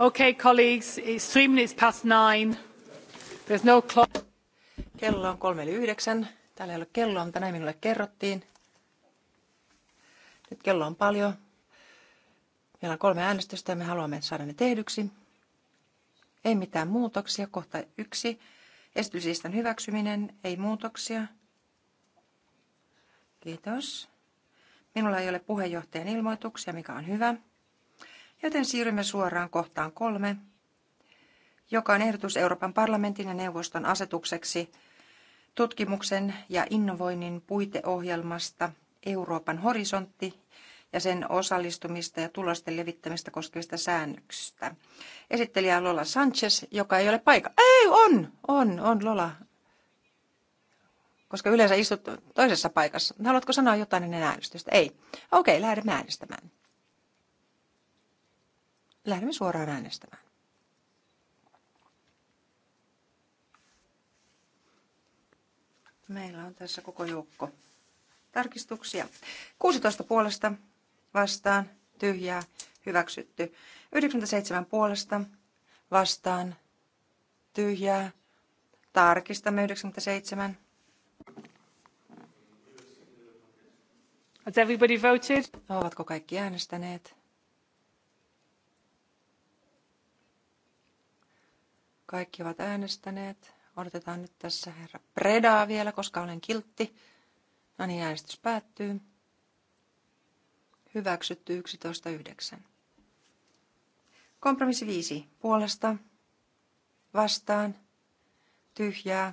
Okay, colleagues, it's three minutes past nine. There's no clock. Kello on kolme yli yhdeksän. Täällä ei ole kelloa, mutta näin minulle kerrottiin. Nyt kello on paljon. Meillä on kolme äänestystä ja me haluamme saada ne tehdyksi. Ei mitään muutoksia. Kohta yksi. Esityslistan hyväksyminen. Ei muutoksia. Kiitos. Minulla ei ole puheenjohtajan ilmoituksia, mikä on hyvä. Joten siirrymme suoraan kohtaan kolme, joka on ehdotus Euroopan parlamentin ja neuvoston asetukseksi tutkimuksen ja innovoinnin puiteohjelmasta Euroopan horisontti ja sen osallistumista ja tulosten levittämistä koskevista säännöksistä. Esittelijä on Lola Sanchez, joka ei ole paikalla. Ei, on, on, on Lola. Koska yleensä istut toisessa paikassa. Haluatko sanoa jotain ennen äänestystä? Ei. Okei, okay, lähdemme äänestämään. Lähdemme suoraan äänestämään. Meillä on tässä koko joukko tarkistuksia. 16 puolesta vastaan, tyhjää, hyväksytty. 97 puolesta vastaan, tyhjää. Tarkistamme 97. Has everybody voted? Ovatko kaikki äänestäneet? Kaikki ovat äänestäneet. Odotetaan nyt tässä herra Predaa vielä, koska olen kiltti. No niin, äänestys päättyy. Hyväksytty 11.9. Kompromissi 5. Puolesta. Vastaan. Tyhjää.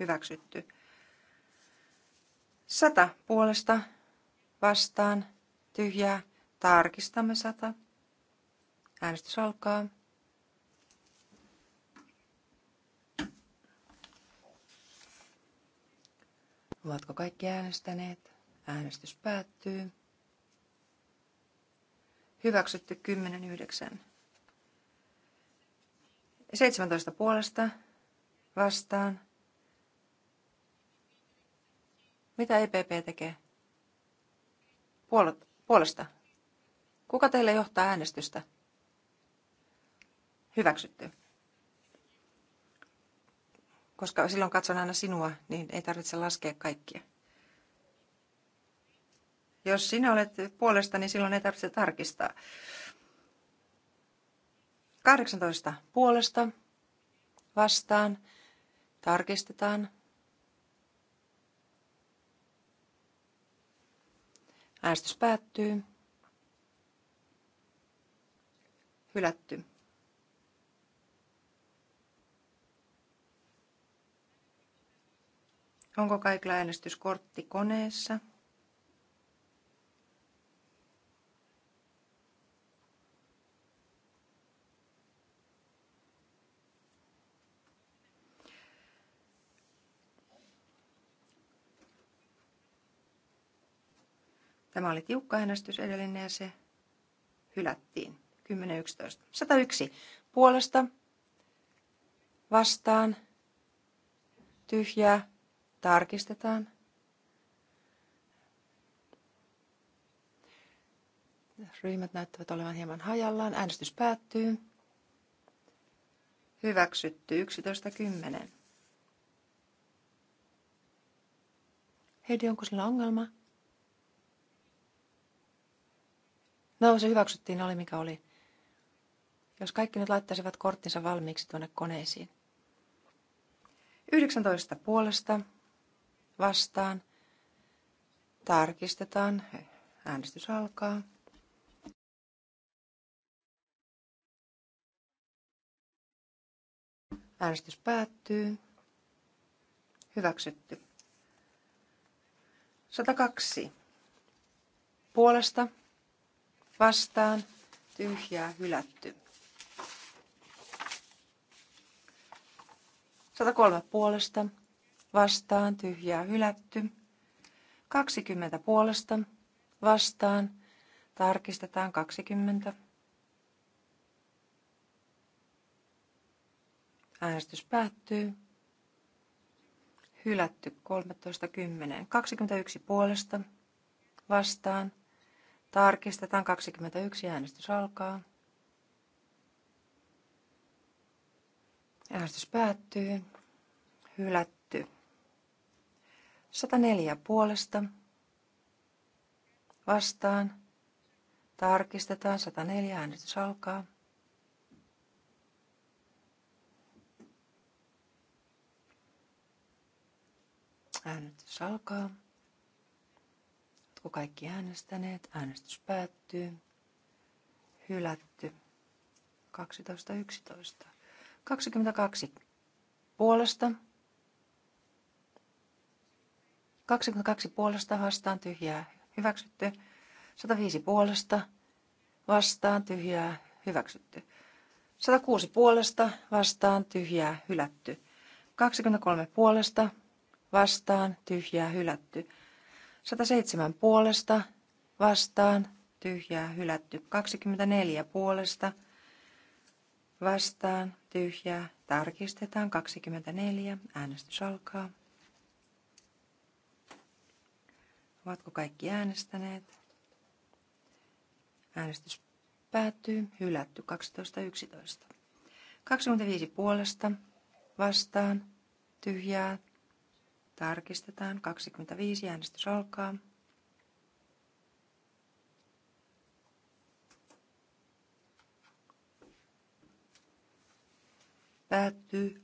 Hyväksytty. 100 puolesta. Vastaan. Tyhjää. Tarkistamme 100. Äänestys alkaa. Ovatko kaikki äänestäneet? Äänestys päättyy. Hyväksytty 10.9. 17 puolesta vastaan. Mitä EPP tekee? Puolet, puolesta. Kuka teille johtaa äänestystä? Hyväksytty koska silloin katson aina sinua, niin ei tarvitse laskea kaikkia. Jos sinä olet puolesta, niin silloin ei tarvitse tarkistaa. 18 puolesta vastaan tarkistetaan. Äänestys päättyy. Hylätty. Onko kaikilla äänestyskortti koneessa? Tämä oli tiukka äänestys edellinen ja se hylättiin. 10.11. 101. Puolesta vastaan tyhjää Tarkistetaan. Ryhmät näyttävät olevan hieman hajallaan. Äänestys päättyy. Hyväksytty 11.10. Heidi, onko sillä ongelma? No, se hyväksyttiin, oli mikä oli. Jos kaikki nyt laittaisivat korttinsa valmiiksi tuonne koneisiin. 19 puolesta vastaan. Tarkistetaan. Äänestys alkaa. Äänestys päättyy. Hyväksytty. 102. Puolesta, vastaan, tyhjää, hylätty. 103 puolesta, vastaan, tyhjää hylätty. 20 puolesta vastaan, tarkistetaan 20. Äänestys päättyy. Hylätty 13, 10. 21 puolesta vastaan. Tarkistetaan 21. Äänestys alkaa. Äänestys päättyy. Hylätty. 104 puolesta. Vastaan. Tarkistetaan. 104. Äänestys alkaa. Äänestys alkaa. Oletko kaikki äänestäneet? Äänestys päättyy. Hylätty. 12.11. 22 puolesta 22 puolesta vastaan tyhjää hyväksytty. 105 puolesta vastaan tyhjää hyväksytty. 106 puolesta vastaan tyhjää hylätty. 23 puolesta vastaan tyhjää hylätty. 107 puolesta vastaan tyhjää hylätty. 24 puolesta vastaan tyhjää tarkistetaan 24. Äänestys alkaa. Ovatko kaikki äänestäneet? Äänestys päättyy. Hylätty 12.11. 25 puolesta. Vastaan. Tyhjää. Tarkistetaan. 25. Äänestys alkaa. Päättyy.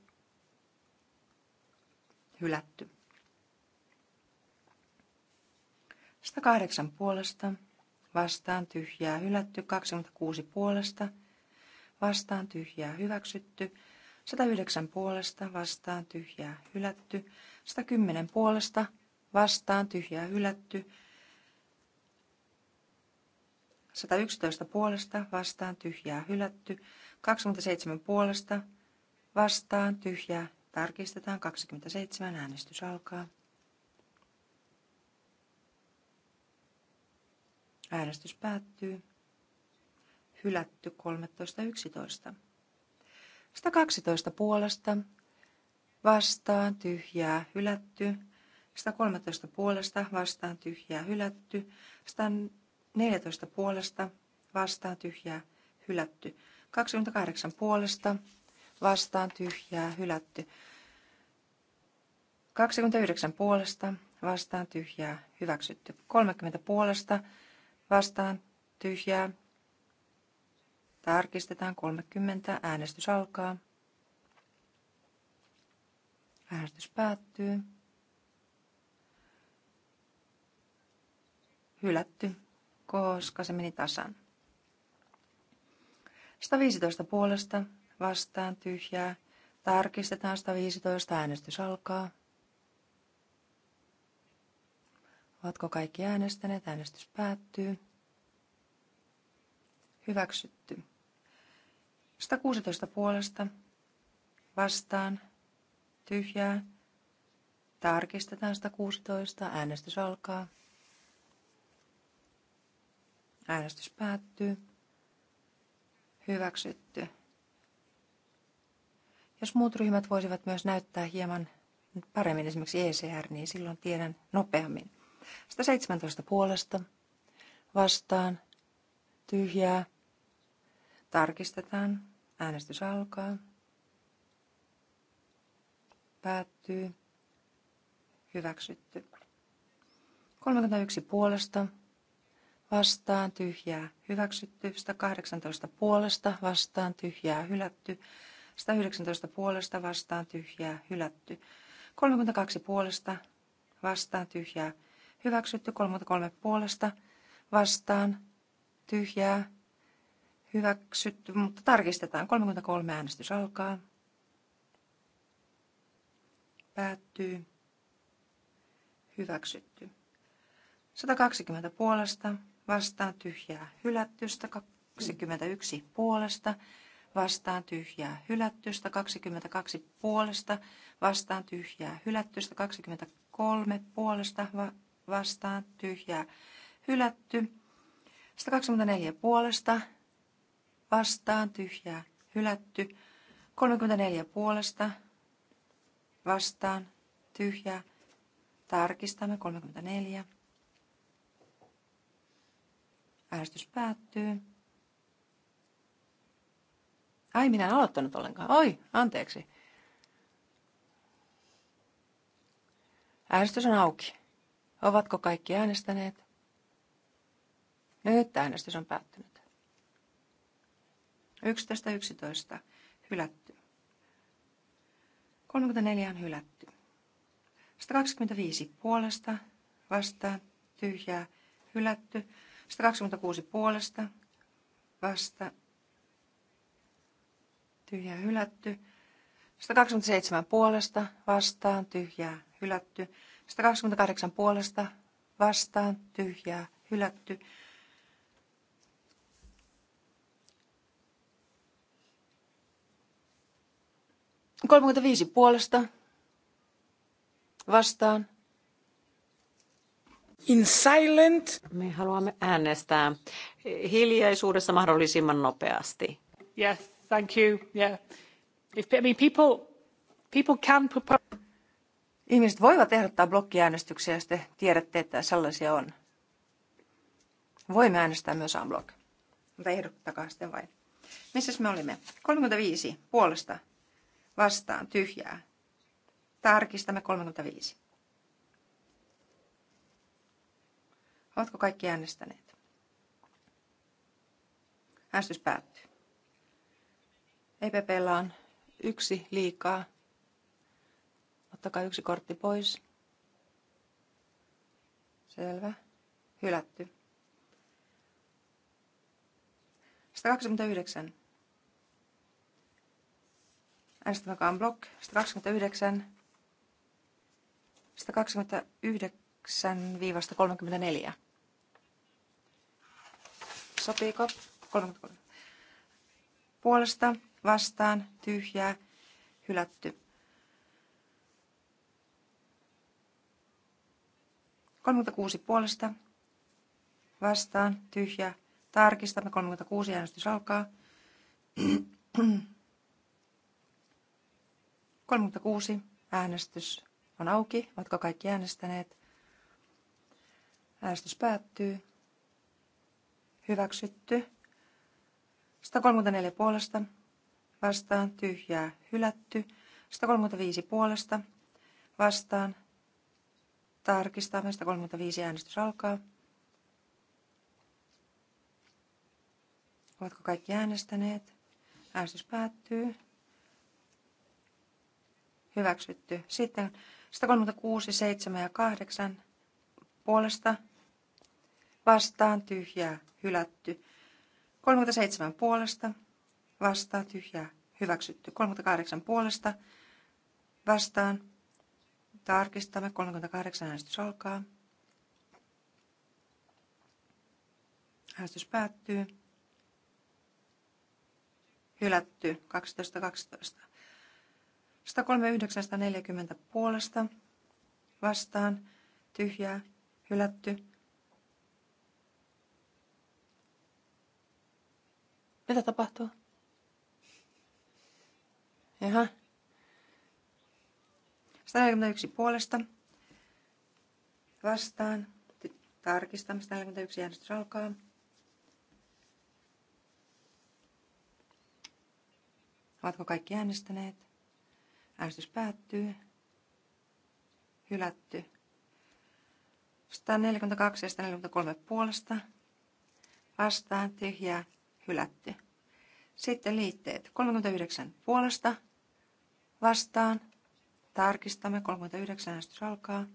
Hylätty. 108 puolesta, vastaan tyhjää hylätty, 26 puolesta, vastaan tyhjää hyväksytty, 109 puolesta, vastaan tyhjää hylätty, 110 puolesta, vastaan tyhjää hylätty, 111 puolesta, vastaan tyhjää hylätty, 27 puolesta, vastaan tyhjää, tarkistetaan 27, äänestys alkaa. Äänestys päättyy. Hylätty 13.11. 112 puolesta. Vastaan tyhjää hylätty. 113 puolesta vastaan tyhjää hylätty. 114 puolesta vastaan tyhjää hylätty. 28 puolesta vastaan tyhjää hylätty. 29 puolesta vastaan tyhjää hyväksytty. 30 puolesta vastaan, tyhjää, vastaan tyhjää. Tarkistetaan 30. Äänestys alkaa. Äänestys päättyy. Hylätty, koska se meni tasan. 115 puolesta vastaan tyhjää. Tarkistetaan 115. Äänestys alkaa. Ovatko kaikki äänestäneet? Äänestys päättyy. Hyväksytty. 116 puolesta. Vastaan. Tyhjää. Tarkistetaan 116. Äänestys alkaa. Äänestys päättyy. Hyväksytty. Jos muut ryhmät voisivat myös näyttää hieman paremmin esimerkiksi ECR, niin silloin tiedän nopeammin. 117 puolesta vastaan tyhjää. Tarkistetaan. Äänestys alkaa. Päättyy. Hyväksytty. 31 puolesta vastaan tyhjää hyväksytty, 118 puolesta vastaan tyhjää hylätty, 119 puolesta vastaan tyhjää hylätty, 32 puolesta vastaan tyhjää hyväksytty 33 puolesta vastaan, tyhjää, hyväksytty, mutta tarkistetaan. 33 äänestys alkaa. Päättyy. Hyväksytty. 120 puolesta, vastaan tyhjää hylättystä, 21 puolesta, vastaan tyhjää hylättystä, 22 puolesta, vastaan tyhjää hylättystä, 23 puolesta, va- vastaan tyhjää hylätty. 124 puolesta vastaan tyhjää hylätty. 34 puolesta vastaan tyhjää. Tarkistamme 34. Äänestys päättyy. Ai, minä en aloittanut ollenkaan. Oi, anteeksi. Äänestys on auki. Ovatko kaikki äänestäneet? Nyt äänestys on päättynyt. 11.11. Hylätty. 34 on hylätty. 125 puolesta, vastaan, tyhjää, hylätty. 126 puolesta, vasta, tyhjää, hylätty. 127 puolesta, vastaan, tyhjää, hylätty. 128 puolesta vastaan tyhjää hylätty. viisi puolesta vastaan. In silent. Me haluamme äänestää hiljaisuudessa mahdollisimman nopeasti. Yes, thank you. Yeah. If, I mean, people, people can propose Ihmiset voivat ehdottaa blokkiäänestyksiä, jos te tiedätte, että sellaisia on. Voimme äänestää myös unblock. Mutta ehdottakaa sitten vain. Missä me olimme? 35 puolesta vastaan tyhjää. Tarkistamme 35. Oletko kaikki äänestäneet? Äänestys päättyy. EPPllä on yksi liikaa. Ottakaa yksi kortti pois. Selvä. Hylätty. 129. Äänestämäkä on block. 129. 129-34. Sopiiko? 33. Puolesta, vastaan, tyhjää, hylätty. 36 puolesta vastaan, tyhjä. Tarkistamme 36 äänestys alkaa. 36 äänestys on auki. Oletko kaikki äänestäneet? Äänestys päättyy. Hyväksytty. 134 puolesta. Vastaan tyhjää hylätty. 135 puolesta. Vastaan tarkistamme. 35. äänestys alkaa. Ovatko kaikki äänestäneet? Äänestys päättyy. Hyväksytty. Sitten 136, 7 ja 8 puolesta vastaan tyhjää hylätty. 37 puolesta vastaan tyhjää hyväksytty. 38 puolesta vastaan Tarkistamme. 38 äänestys alkaa. Äänestys päättyy. Hylätty 12.12. 12. 139-140 puolesta. Vastaan. Tyhjää. Hylätty. Mitä tapahtuu? Jaha, 141 puolesta vastaan. Tarkistamista 41 äänestys alkaa. Ovatko kaikki äänestäneet? Äänestys päättyy. Hylätty. 142 ja 143 puolesta. Vastaan tyhjää. Hylätty. Sitten liitteet. 39 puolesta. Vastaan Tarkistamme. 39 äänestys alkaa.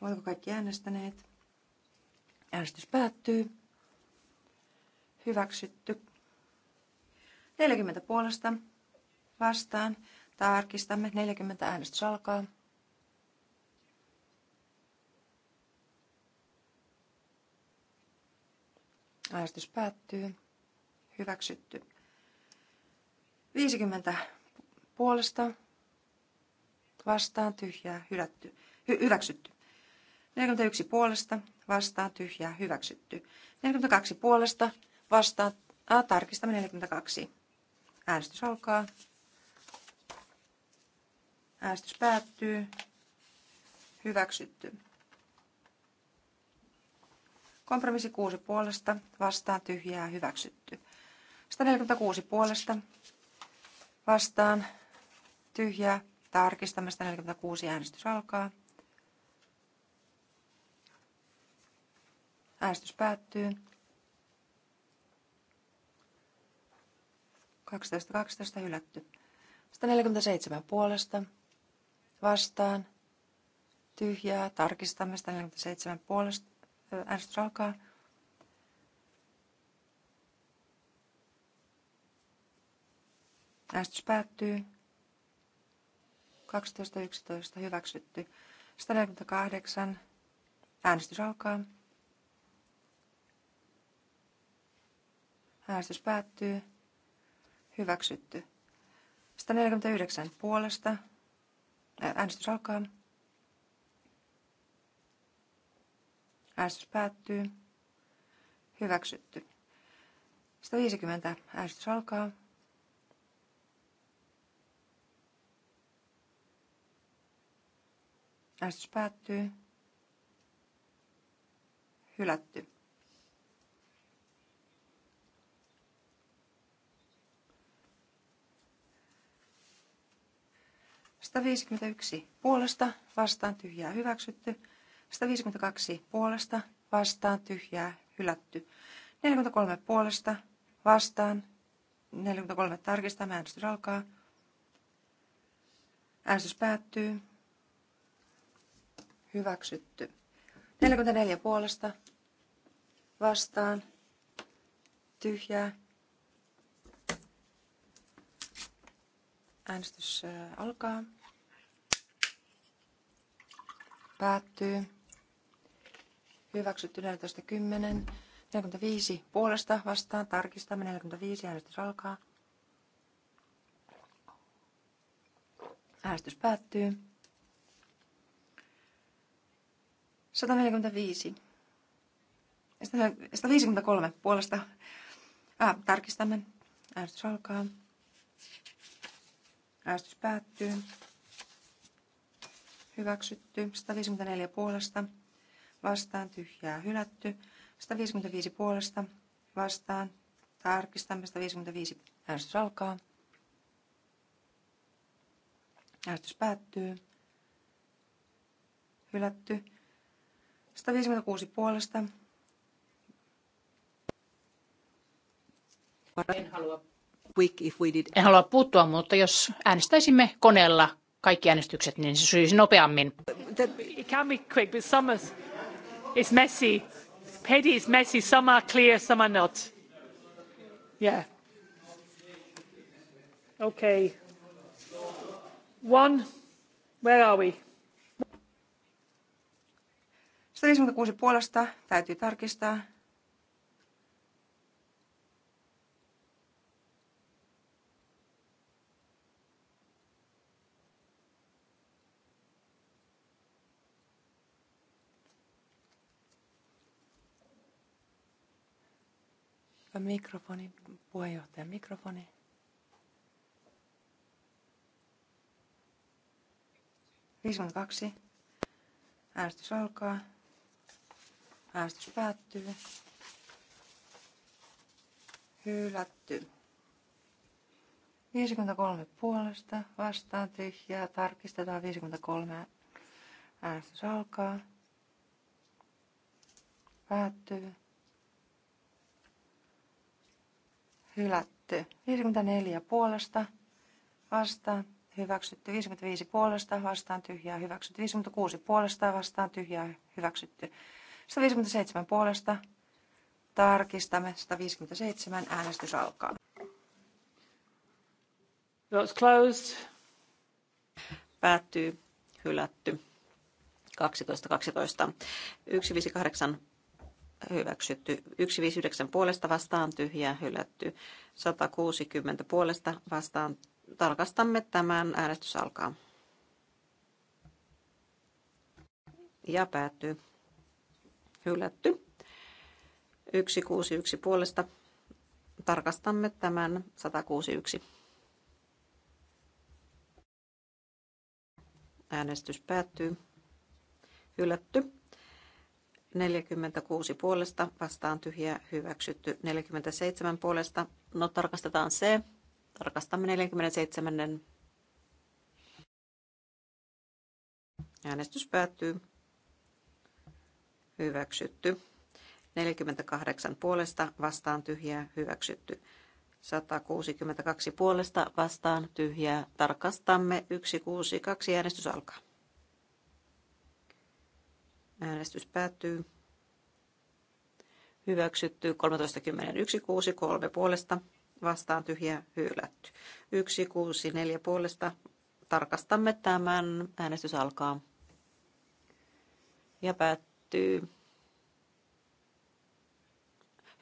Oletko kaikki äänestäneet? Äänestys päättyy. Hyväksytty. 40 puolesta vastaan. Tarkistamme. 40 äänestys alkaa. Äänestys päättyy. Hyväksytty. 50 puolesta vastaan tyhjää hylätty, hy, hyväksytty. 41 puolesta vastaan tyhjää hyväksytty. 42 puolesta vastaan a, tarkistamme 42. Äänestys alkaa. Äänestys päättyy. Hyväksytty. Kompromissi 6 puolesta vastaan tyhjää hyväksytty. 146 puolesta vastaan, tyhjää, tarkistamme 46 äänestys alkaa. Äänestys päättyy. 12.12 12, hylätty. 147 puolesta vastaan. Tyhjää. Tarkistamme 147 puolesta. Äänestys alkaa. Äänestys päättyy. 12.11. Hyväksytty. 148. Äänestys alkaa. Äänestys päättyy. Hyväksytty. 149 puolesta. Äänestys alkaa. Äänestys päättyy. Hyväksytty. 150. Äänestys alkaa. Äänestys päättyy. Hylätty. yksi puolesta vastaan tyhjää hyväksytty. 152 puolesta vastaan tyhjää hylätty. 43 puolesta vastaan. 43 tarkistamme. Äänestys alkaa. Äänestys päättyy. Hyväksytty. 44 puolesta vastaan. Tyhjää. Äänestys äh, alkaa. Päättyy. Hyväksytty 14.10. 45 puolesta vastaan. Tarkistamme 45. Äänestys alkaa. Äänestys päättyy. 145. 153 puolesta. Ää, tarkistamme. Äänestys alkaa. Äänestys päättyy. Hyväksytty. 154 puolesta. Vastaan tyhjää hylätty. 155 puolesta. Vastaan. Tarkistamme 155. Äänestys alkaa. Äänestys päättyy. Hylätty. 156 puolesta. En halua, quick if we did. en halua puuttua, mutta jos äänestäisimme koneella kaikki äänestykset, niin se syisi nopeammin. It can be quick, but some is, it's messy. Petty is messy, some are clear, some are not. Yeah. Okay. One, where are we? 156 puolesta täytyy tarkistaa. Mikrofoni, puheenjohtaja, mikrofoni. Viisi kaksi. Äänestys alkaa. Äänestys päättyy. Hylätty. 53 puolesta vastaan tyhjää. Tarkistetaan 53. Äänestys alkaa. Päättyy. Hylätty. 54 puolesta vastaan hyväksytty 55 puolesta vastaan tyhjää, hyväksytty 56 puolesta vastaan tyhjää, hyväksytty 157 puolesta. Tarkistamme 157. Äänestys alkaa. Votes closed. Päättyy. Hylätty. 12, 12. 158 hyväksytty. 159 puolesta vastaan tyhjä hylätty. 160 puolesta vastaan tarkastamme tämän. Äänestys alkaa. Ja päättyy hylätty. 161 puolesta tarkastamme tämän 161. Äänestys päättyy. Hylätty. 46 puolesta vastaan tyhjä hyväksytty. 47 puolesta. No tarkastetaan se. Tarkastamme 47. Äänestys päättyy hyväksytty. 48 puolesta vastaan tyhjää hyväksytty. 162 puolesta vastaan tyhjää. Tarkastamme 162. Äänestys alkaa. Äänestys päättyy. Hyväksytty 13.10.163 puolesta vastaan tyhjää hylätty. 164 puolesta tarkastamme tämän. Äänestys alkaa. Ja päättyy päättyy.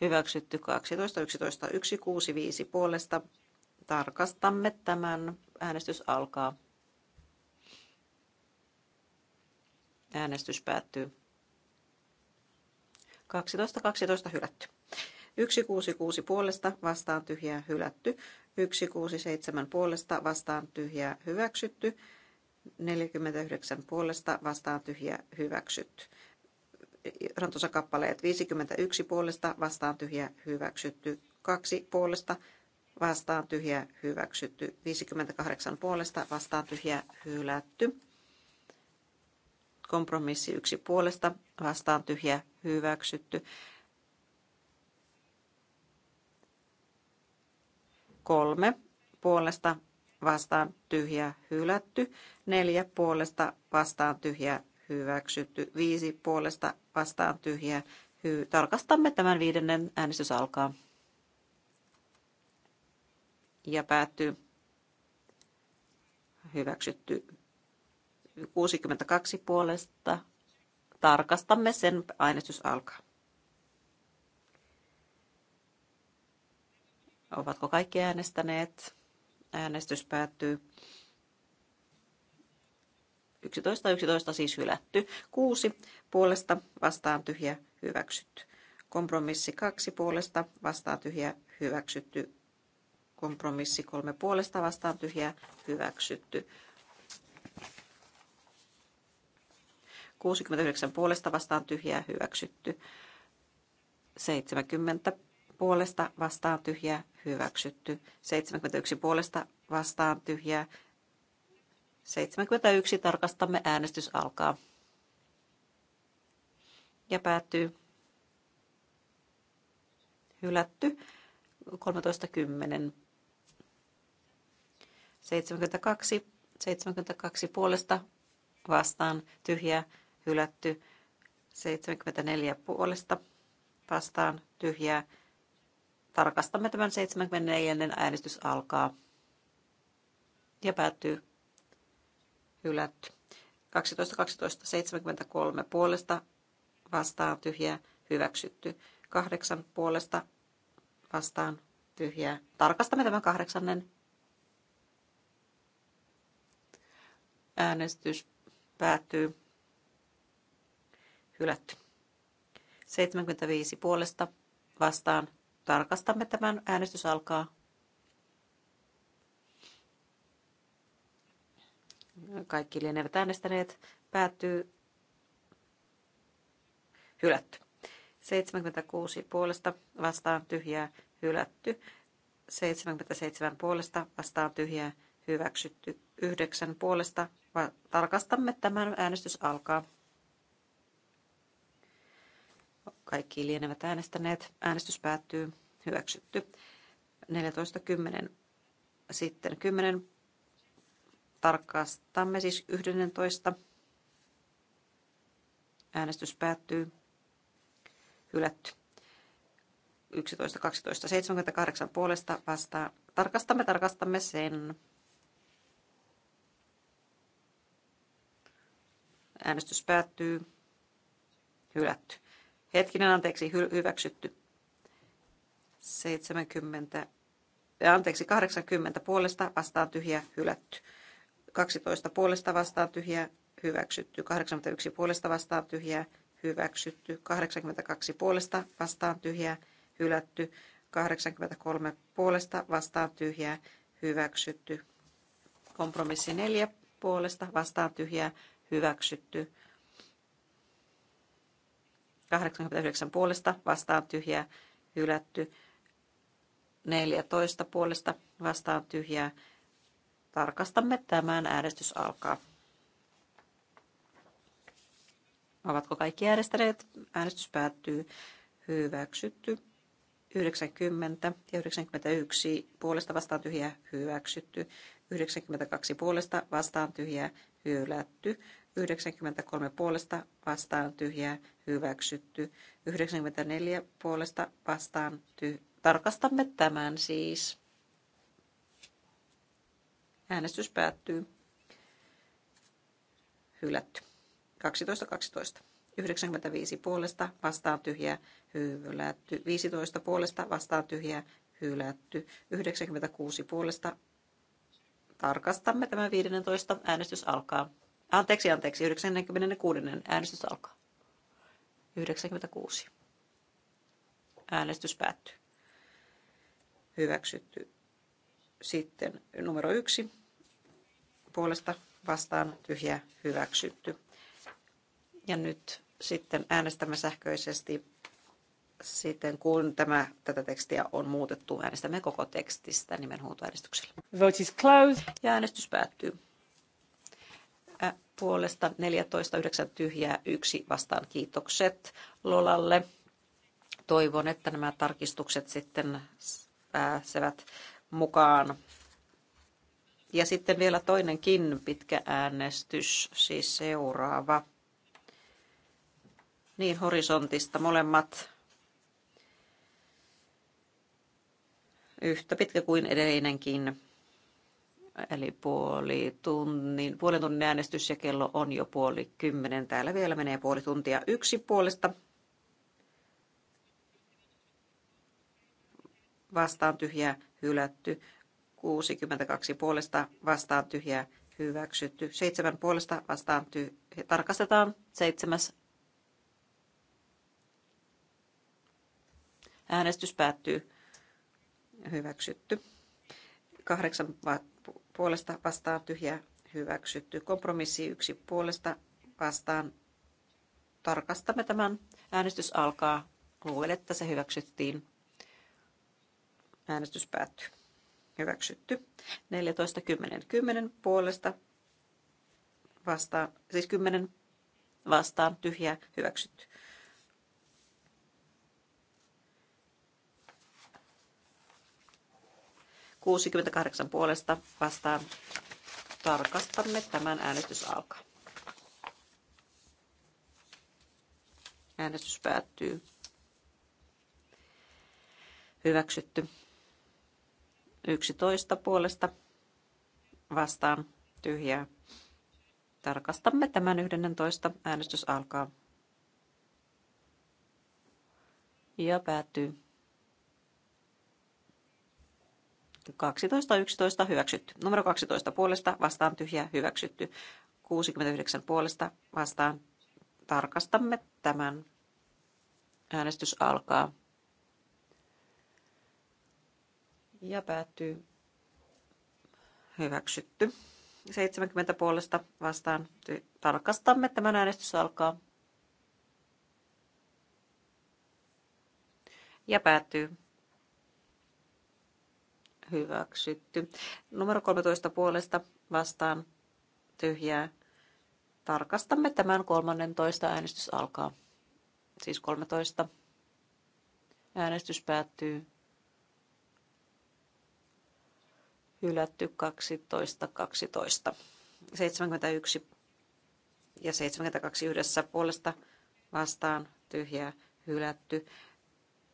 Hyväksytty 12, 11, 1, 6, 5 puolesta. Tarkastamme tämän. Äänestys alkaa. Äänestys päättyy. 12, 12 hylätty. 166 puolesta vastaan tyhjää hylätty. 167 puolesta vastaan tyhjää hyväksytty. 49 puolesta vastaan tyhjä hyväksytty kappaleet 51 puolesta vastaan tyhjä hyväksytty, 2 puolesta vastaan tyhjä hyväksytty, 58 puolesta vastaan tyhjä hylätty. Kompromissi 1 puolesta vastaan tyhjä hyväksytty. 3 puolesta vastaan tyhjä hylätty, 4 puolesta vastaan tyhjä hyväksytty. Viisi puolesta vastaan tyhjä. Hy- Tarkastamme tämän viidennen. Äänestys alkaa. Ja päättyy. Hyväksytty 62 puolesta. Tarkastamme sen. Äänestys alkaa. Ovatko kaikki äänestäneet? Äänestys päättyy. 11, 11 siis hylätty. 6 puolesta vastaan tyhjä hyväksytty. Kompromissi 2 puolesta vastaan tyhjä hyväksytty. Kompromissi 3 puolesta vastaan tyhjä hyväksytty. 69 puolesta vastaan tyhjää hyväksytty. 70 puolesta vastaan tyhjää hyväksytty. 71 puolesta vastaan tyhjää 71 tarkastamme, äänestys alkaa ja päättyy. Hylätty 13.10. 72, 72 puolesta vastaan, tyhjä, hylätty 74 puolesta vastaan, Tyhjä. Tarkastamme tämän 74. äänestys alkaa ja päättyy hylätty. 12, 12, 73 puolesta vastaan tyhjää hyväksytty. 8 puolesta vastaan tyhjää. Tarkastamme tämän kahdeksannen. Äänestys päättyy. Hylätty. 75 puolesta vastaan. Tarkastamme tämän. Äänestys alkaa. Kaikki lienevät äänestäneet. Päättyy. Hylätty. 76 puolesta vastaan tyhjää hylätty. 77 puolesta vastaan tyhjää hyväksytty. 9 puolesta tarkastamme tämän äänestys alkaa. Kaikki lienevät äänestäneet. Äänestys päättyy. Hyväksytty. 14.10. Sitten 10 Tarkastamme siis 11. Äänestys päättyy. Hylätty. 11, 12, 78 puolesta vastaan. Tarkastamme, tarkastamme sen. Äänestys päättyy. Hylätty. Hetkinen, anteeksi, hy- hyväksytty. 70, anteeksi, 80 puolesta vastaan tyhjä, hylätty. 12 puolesta vastaan tyhjä hyväksytty, 81 puolesta vastaan tyhjä hyväksytty, 82 puolesta vastaan tyhjä hylätty, 83 puolesta vastaan tyhjä hyväksytty, kompromissi 4 puolesta vastaan tyhjä hyväksytty, 89 puolesta vastaan tyhjä hylätty, 14 puolesta vastaan tyhjää hylätty Tarkastamme tämän. Äänestys alkaa. Ovatko kaikki äänestäneet? Äänestys päättyy. Hyväksytty. 90 ja 91 puolesta vastaan tyhjä hyväksytty. 92 puolesta vastaan tyhjä hylätty. 93 puolesta vastaan tyhjä hyväksytty. 94 puolesta vastaan tyhjä. Tarkastamme tämän siis. Äänestys päättyy. Hylätty. 12, 12. 95 puolesta vastaan tyhjää hylätty. 15 puolesta vastaan tyhjää hylätty. 96 puolesta tarkastamme tämän 15. Äänestys alkaa. Anteeksi, anteeksi. 96. Äänestys alkaa. 96. Äänestys päättyy. Hyväksytty. Sitten numero yksi puolesta vastaan tyhjä hyväksytty. Ja nyt sitten äänestämme sähköisesti sitten kun tämä, tätä tekstiä on muutettu, äänestämme koko tekstistä nimenhuutoäänestyksellä. Vote is closed. Ja äänestys päättyy. Ä, puolesta 14, 9 tyhjää, yksi vastaan kiitokset Lolalle. Toivon, että nämä tarkistukset sitten pääsevät mukaan. Ja sitten vielä toinenkin pitkä äänestys, siis seuraava. Niin, horisontista molemmat yhtä pitkä kuin edellinenkin. Eli puoli tunnin, puolen tunnin äänestys ja kello on jo puoli kymmenen. Täällä vielä menee puoli tuntia yksi puolesta. Vastaan tyhjää hylätty. 62 puolesta vastaan tyhjää hyväksytty. 7 puolesta vastaan tyhjää. Tarkastetaan seitsemäs. Äänestys päättyy. Hyväksytty. 8 puolesta vastaan tyhjää hyväksytty. Kompromissi yksi puolesta vastaan. Tarkastamme tämän. Äänestys alkaa. Luulen, että se hyväksyttiin. Äänestys päättyy. Hyväksytty. 14.10. 10 puolesta vastaan, siis 10 vastaan tyhjää hyväksytty. Kuusikymmentäkahdeksan puolesta vastaan tarkastamme tämän äänestys alkaa. Äänestys päättyy. Hyväksytty. 11 puolesta vastaan tyhjää. Tarkastamme tämän 11. Äänestys alkaa. Ja päättyy. 12, 11 hyväksytty. Numero 12 puolesta vastaan tyhjä hyväksytty. 69 puolesta vastaan tarkastamme tämän. Äänestys alkaa. ja päättyy hyväksytty. 70 puolesta vastaan tarkastamme. Tämän äänestys alkaa. Ja päättyy. Hyväksytty. Numero 13 puolesta vastaan tyhjää. Tarkastamme tämän 13. Äänestys alkaa. Siis 13. Äänestys päättyy. hylätty 12, 12, 71 ja 72 yhdessä puolesta vastaan tyhjää hylätty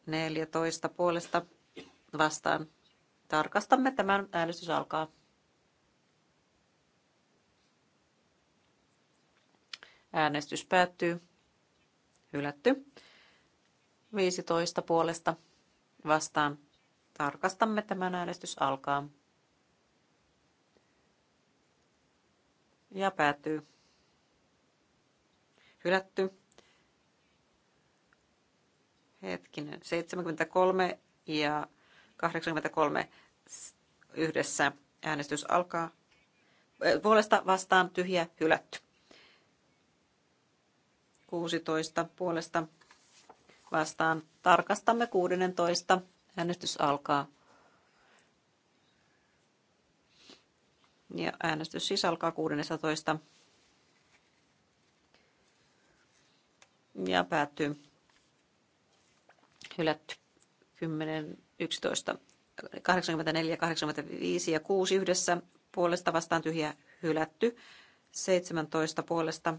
14 puolesta vastaan. Tarkastamme tämän äänestys alkaa. Äänestys päättyy. Hylätty. 15 puolesta vastaan. Tarkastamme tämän äänestys alkaa. ja päättyy. Hylätty. Hetkinen, 73 ja 83 yhdessä äänestys alkaa. Puolesta vastaan tyhjä hylätty. 16 puolesta vastaan. Tarkastamme 16. Äänestys alkaa. Ja äänestys siis alkaa 16. Ja päättyy hylätty 10, 11, 84, 85 ja 6 yhdessä puolesta vastaan tyhjä hylätty. 17 puolesta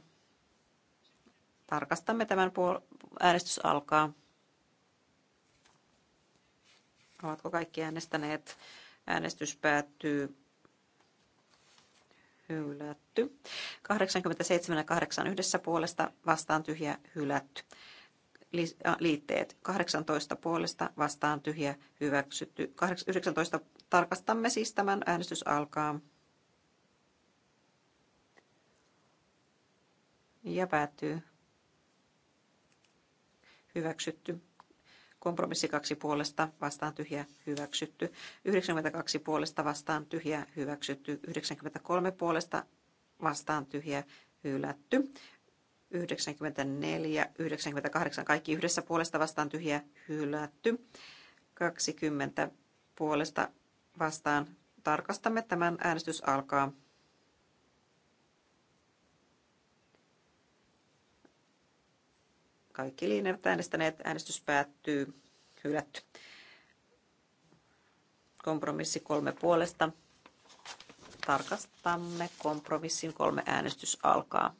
tarkastamme tämän puol- äänestys alkaa. Ovatko kaikki äänestäneet? Äänestys päättyy hylätty. 87 ja 8 yhdessä puolesta vastaan tyhjä hylätty. Liitteet 18 puolesta vastaan tyhjä hyväksytty. 19 tarkastamme siis tämän äänestys alkaa. Ja päättyy. Hyväksytty. Kompromissi kaksi puolesta vastaan tyhjä hyväksytty. 92 puolesta vastaan tyhjä hyväksytty. 93 puolesta vastaan tyhjä hylätty. 94, 98 kaikki yhdessä puolesta vastaan tyhjä hylätty. 20 puolesta vastaan tarkastamme tämän äänestys alkaa. Kaikki liinevät äänestäneet. Äänestys päättyy. Hylätty. Kompromissi kolme puolesta. Tarkastamme. Kompromissin kolme äänestys alkaa.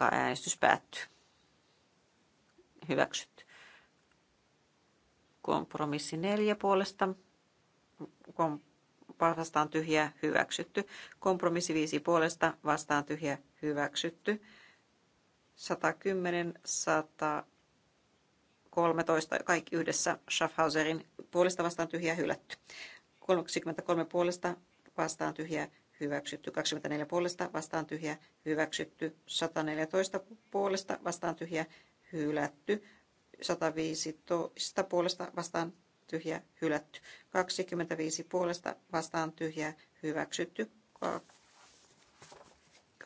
Äänestys päättyy. Hyväksytty. Kompromissi neljä puolesta. Kompromissi vastaan tyhjä hyväksytty. Kompromissi 5 puolesta vastaan tyhjä hyväksytty. 110, 113, kaikki yhdessä Schaffhauserin puolesta vastaan tyhjä hylätty. 33 puolesta vastaan tyhjä hyväksytty. 24 puolesta vastaan tyhjä hyväksytty. 114 puolesta vastaan tyhjä hylätty. 115 puolesta vastaan tyhjä, hylätty. 25 puolesta vastaan tyhjä, hyväksytty.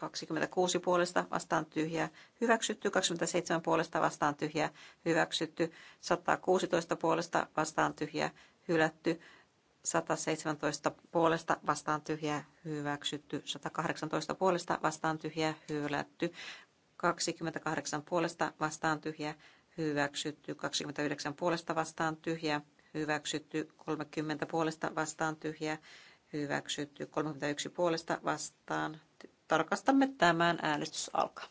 26 puolesta vastaan tyhjä, hyväksytty, 27 puolesta vastaan tyhjä, hyväksytty, 116 puolesta vastaan tyhjä hylätty, 117 puolesta vastaan tyhjä, hyväksytty, 118 puolesta vastaan tyhjä, hylätty, 28 puolesta vastaan tyhjä, hyväksytty, 29 puolesta vastaan tyhjä hyväksytty 30 puolesta vastaan tyhjä. hyväksytty 31 puolesta vastaan. Tarkastamme tämän. Äänestys alkaa.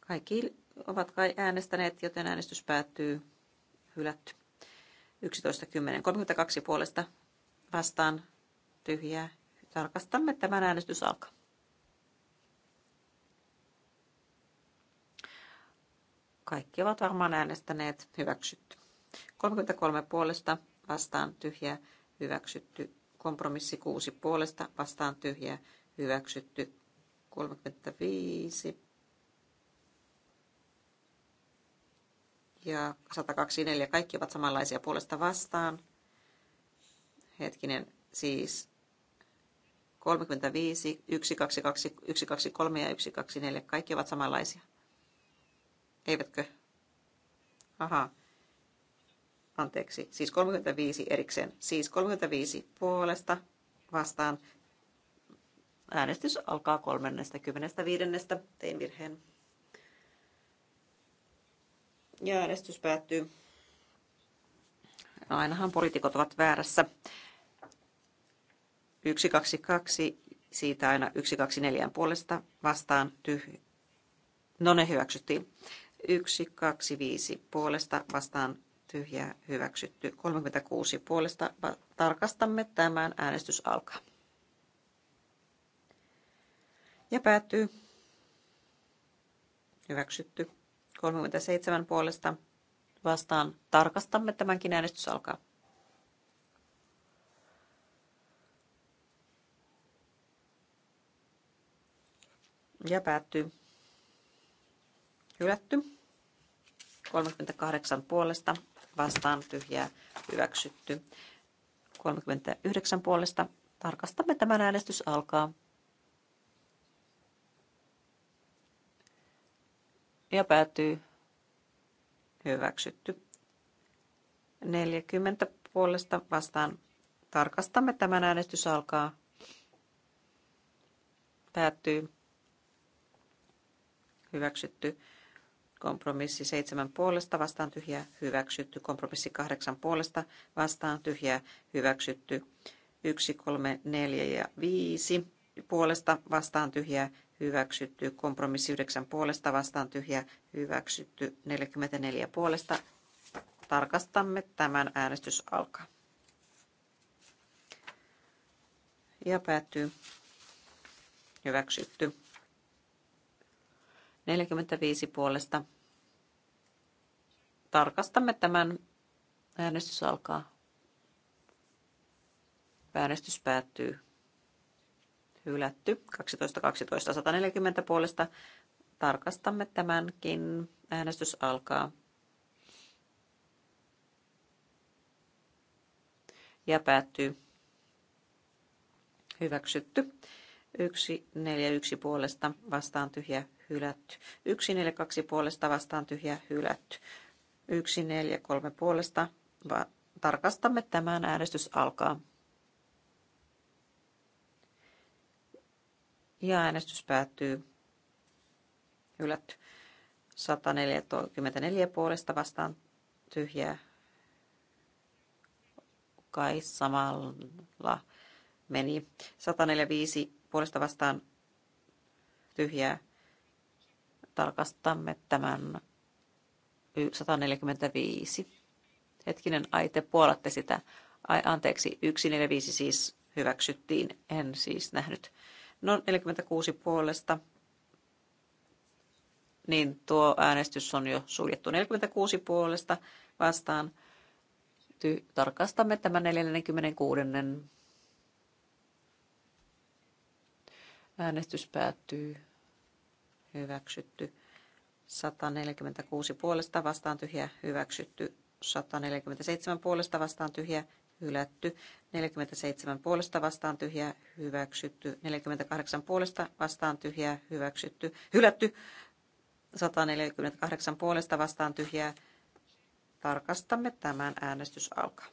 Kaikki ovat kai äänestäneet, joten äänestys päättyy hylätty. 11.10. 32 puolesta vastaan tyhjää. Tarkastamme tämän äänestys alkaa. Kaikki ovat varmaan äänestäneet hyväksytty. 33 puolesta vastaan tyhjä hyväksytty. Kompromissi 6 puolesta vastaan tyhjä hyväksytty. 35 ja 124. Kaikki ovat samanlaisia puolesta vastaan. Hetkinen, siis 35, 1, 1, 2, 2, 2, 3 ja 1, 2, 4. Kaikki ovat samanlaisia Eivätkö? Aha. Anteeksi. Siis 35 erikseen. Siis 35 puolesta vastaan. Äänestys alkaa 35. Tein virheen. Ja äänestys päättyy. Ainahan poliitikot ovat väärässä. 122, siitä aina 124 puolesta vastaan tyhjä. No ne hyväksyttiin viisi puolesta vastaan tyhjää hyväksytty. 36 puolesta tarkastamme tämän. Äänestys alkaa. Ja päättyy. Hyväksytty. 37 puolesta vastaan tarkastamme tämänkin äänestys alkaa. Ja päättyy hylätty. 38 puolesta vastaan tyhjää hyväksytty. 39 puolesta tarkastamme tämän äänestys alkaa. Ja päätyy hyväksytty. 40 puolesta vastaan tarkastamme tämän äänestys alkaa. Päättyy hyväksytty. Kompromissi 7 puolesta vastaan tyhjä hyväksytty. Kompromissi 8 puolesta vastaan tyhjä hyväksytty. 1, 3, 4 ja 5 puolesta vastaan tyhjä hyväksytty. Kompromissi 9 puolesta vastaan tyhjä hyväksytty. 44 puolesta tarkastamme tämän äänestys alkaa. Ja päättyy. Hyväksytty. 45 puolesta. Tarkastamme tämän. Äänestys alkaa. Äänestys päättyy. Hylätty. 12.12. 12, 140 puolesta. Tarkastamme tämänkin. Äänestys alkaa. Ja päättyy. Hyväksytty. 141 puolesta vastaan tyhjä hylätty. 1, 4, 2 puolesta vastaan tyhjä hylätty. 1, 4, 3 puolesta va- tarkastamme tämän. Äänestys alkaa. Ja äänestys päättyy. Hylätty. 144 puolesta vastaan tyhjä Kai samalla meni. 145 puolesta vastaan tyhjää tarkastamme tämän 145. Hetkinen, ai te puolatte sitä. Ai anteeksi, 145 siis hyväksyttiin, en siis nähnyt. No 46 puolesta, niin tuo äänestys on jo suljettu 46 puolesta vastaan. Ty- tarkastamme tämän 46. Äänestys päättyy hyväksytty. 146 puolesta vastaan tyhjä hyväksytty. 147 puolesta vastaan tyhjä hylätty. 47 puolesta vastaan tyhjä hyväksytty. 48 puolesta vastaan tyhjä hyväksytty. Hylätty. 148 puolesta vastaan tyhjä. Tarkastamme tämän äänestys alkaa.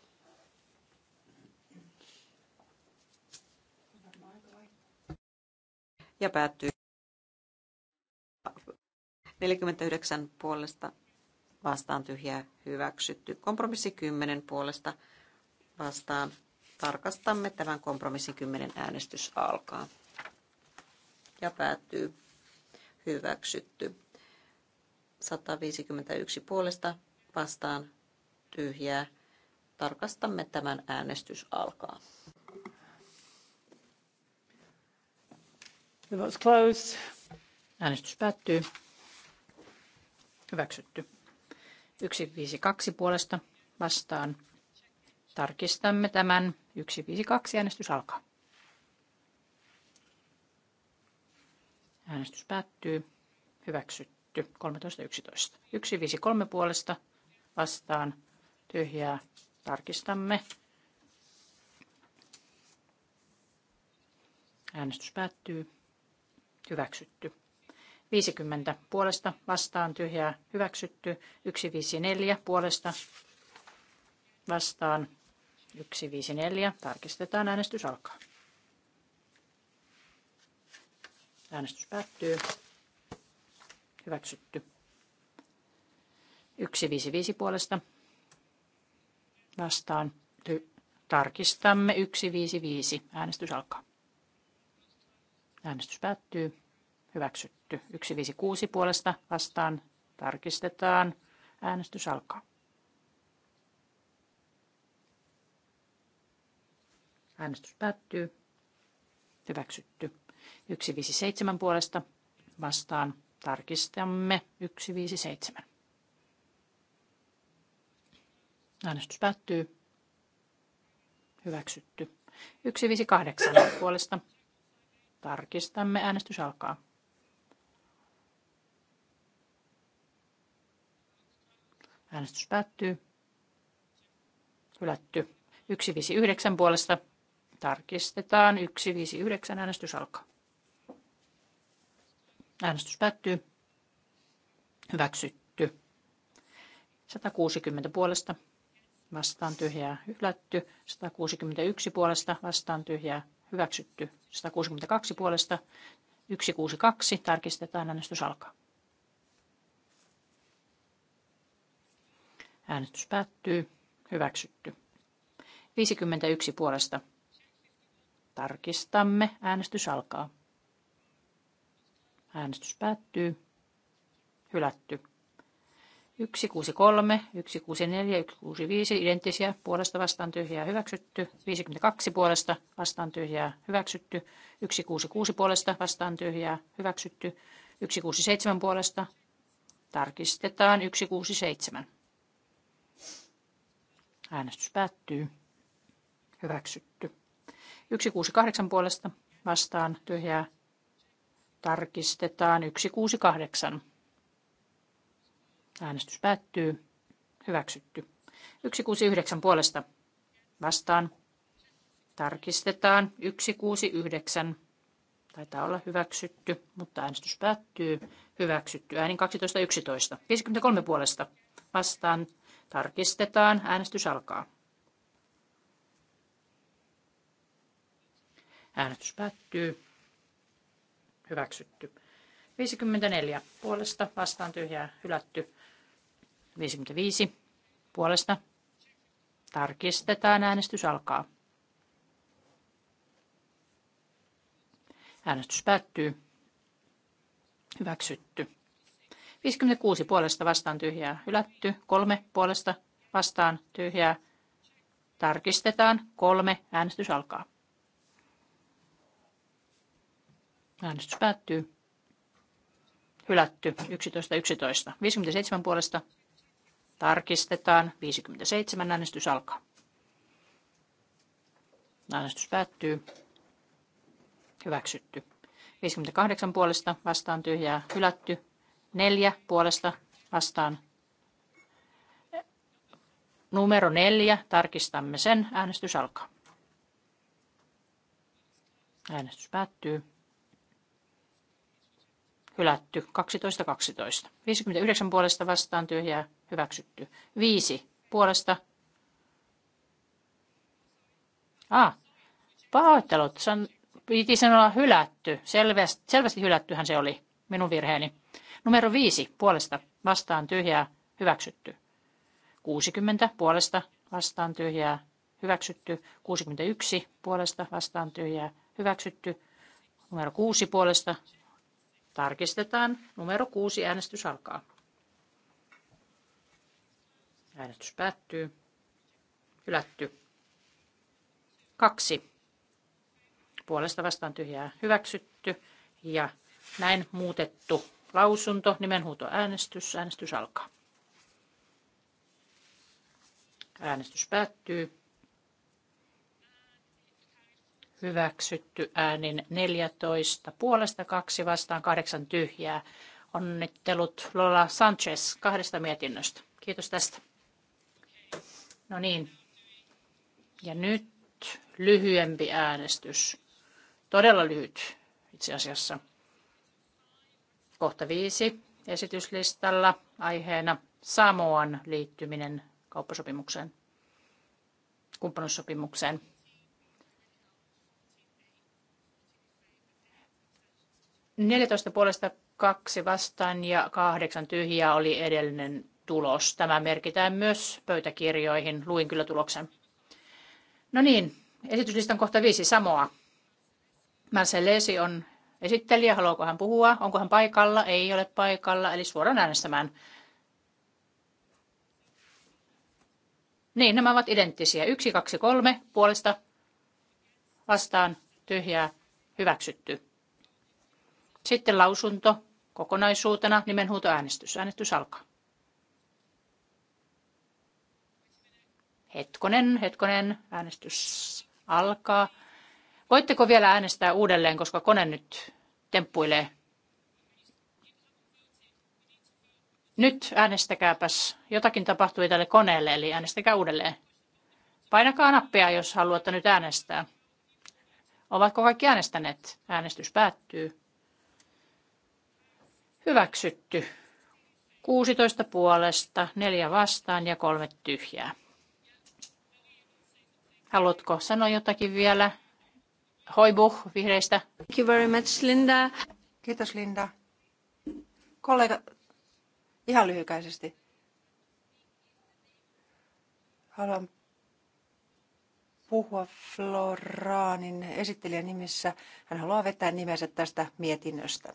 Ja päättyy. 49 puolesta vastaan tyhjää hyväksytty. Kompromissi 10 puolesta vastaan tarkastamme tämän kompromissi 10 äänestys alkaa ja päättyy hyväksytty. 151 puolesta vastaan tyhjää. Tarkastamme tämän äänestys alkaa. Äänestys päättyy. Hyväksytty. 152 puolesta vastaan. Tarkistamme tämän. 152 äänestys alkaa. Äänestys päättyy. Hyväksytty. 13.11. 153 puolesta vastaan. Tyhjää. Tarkistamme. Äänestys päättyy. Hyväksytty. 50 puolesta vastaan tyhjää hyväksytty. 154 puolesta vastaan 154. Tarkistetaan äänestys alkaa. Äänestys päättyy. Hyväksytty. 155 puolesta vastaan. Ty- tarkistamme 155. Äänestys alkaa. Äänestys päättyy. Hyväksytty. 156 puolesta vastaan. Tarkistetaan. Äänestys alkaa. Äänestys päättyy. Hyväksytty. 157 puolesta vastaan. Tarkistamme 157. Äänestys päättyy. Hyväksytty. 158 puolesta. Tarkistamme. Äänestys alkaa. Äänestys päättyy. Hylätty. 159 puolesta. Tarkistetaan. 159 äänestys alkaa. Äänestys päättyy. Hyväksytty. 160 puolesta vastaan tyhjää hylätty, 161 puolesta vastaan tyhjää hyväksytty, 162 puolesta 162 tarkistetaan äänestys alkaa. Äänestys päättyy. Hyväksytty. 51 puolesta. Tarkistamme. Äänestys alkaa. Äänestys päättyy. Hylätty. 163, 164, 165 identtisiä puolesta vastaan tyhjää hyväksytty, 52 puolesta vastaan tyhjää hyväksytty, 166 puolesta vastaan tyhjää hyväksytty, 167 puolesta tarkistetaan 167. Äänestys päättyy. Hyväksytty. 168 puolesta vastaan tyhjää. Tarkistetaan 168. Äänestys päättyy. Hyväksytty. 169 puolesta vastaan. Tarkistetaan 169. Taitaa olla hyväksytty, mutta äänestys päättyy. Hyväksytty. Äänin 12.11. 53 puolesta vastaan Tarkistetaan. Äänestys alkaa. Äänestys päättyy. Hyväksytty. 54 puolesta vastaan tyhjää hylätty. 55 puolesta tarkistetaan. Äänestys alkaa. Äänestys päättyy. Hyväksytty. 56 puolesta vastaan tyhjää hylätty. 3 puolesta vastaan tyhjää tarkistetaan. 3 äänestys alkaa. Äänestys päättyy. Hylätty 11.11. 11. 57 puolesta tarkistetaan. 57 äänestys alkaa. Äänestys päättyy. Hyväksytty. 58 puolesta vastaan tyhjää hylätty. Neljä puolesta vastaan. Numero neljä, tarkistamme sen. Äänestys alkaa. Äänestys päättyy. Hylätty. 12.12. 12. 59 puolesta vastaan tyhjää. Hyväksytty. 5 puolesta. Ah, pahoittelut. piti sanoa hylätty. Selvästi, selvästi hylättyhän se oli. Minun virheeni. Numero 5 puolesta vastaan tyhjää hyväksytty. 60 puolesta vastaan tyhjää hyväksytty. 61 puolesta vastaan tyhjää hyväksytty. Numero 6 puolesta tarkistetaan. Numero 6 äänestys alkaa. Äänestys päättyy. Hylätty. Kaksi. Puolesta vastaan tyhjää hyväksytty ja näin muutettu lausunto, nimenhuuto äänestys. Äänestys alkaa. Äänestys päättyy. Hyväksytty äänin 14 puolesta, kaksi vastaan, kahdeksan tyhjää. Onnittelut Lola Sanchez kahdesta mietinnöstä. Kiitos tästä. No niin. Ja nyt lyhyempi äänestys. Todella lyhyt itse asiassa. Kohta viisi esityslistalla aiheena Samoan liittyminen kauppasopimukseen, kumppanuussopimukseen. Neljätoista puolesta kaksi vastaan ja kahdeksan tyhjää oli edellinen tulos. Tämä merkitään myös pöytäkirjoihin. Luin kyllä tuloksen. No niin, esityslistan kohta viisi Samoa. Marcellesi on esittelijä, haluaako hän puhua, onko hän paikalla, ei ole paikalla, eli suoraan äänestämään. Niin, nämä ovat identtisiä. Yksi, kaksi, kolme puolesta vastaan tyhjää hyväksytty. Sitten lausunto kokonaisuutena nimenhuutoäänestys. Äänestys alkaa. Hetkonen, hetkonen, äänestys alkaa. Voitteko vielä äänestää uudelleen, koska kone nyt temppuilee? Nyt äänestäkääpäs. Jotakin tapahtui tälle koneelle, eli äänestäkää uudelleen. Painakaa nappia, jos haluatte nyt äänestää. Ovatko kaikki äänestäneet? Äänestys päättyy. Hyväksytty. 16 puolesta, 4 vastaan ja 3 tyhjää. Haluatko sanoa jotakin vielä? Hoibuh vihreistä. Thank you very much, Linda. Kiitos, Linda. Kollega, ihan lyhykäisesti. Haluan puhua Floraanin esittelijän nimissä. Hän haluaa vetää nimensä tästä mietinnöstä.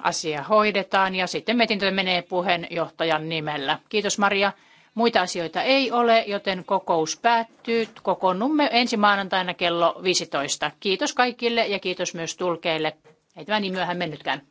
Asia hoidetaan ja sitten mietintö menee puheenjohtajan nimellä. Kiitos Maria. Muita asioita ei ole, joten kokous päättyy. Kokoonnumme ensi maanantaina kello 15. Kiitos kaikille ja kiitos myös tulkeille. Ei tämä niin myöhään mennytkään.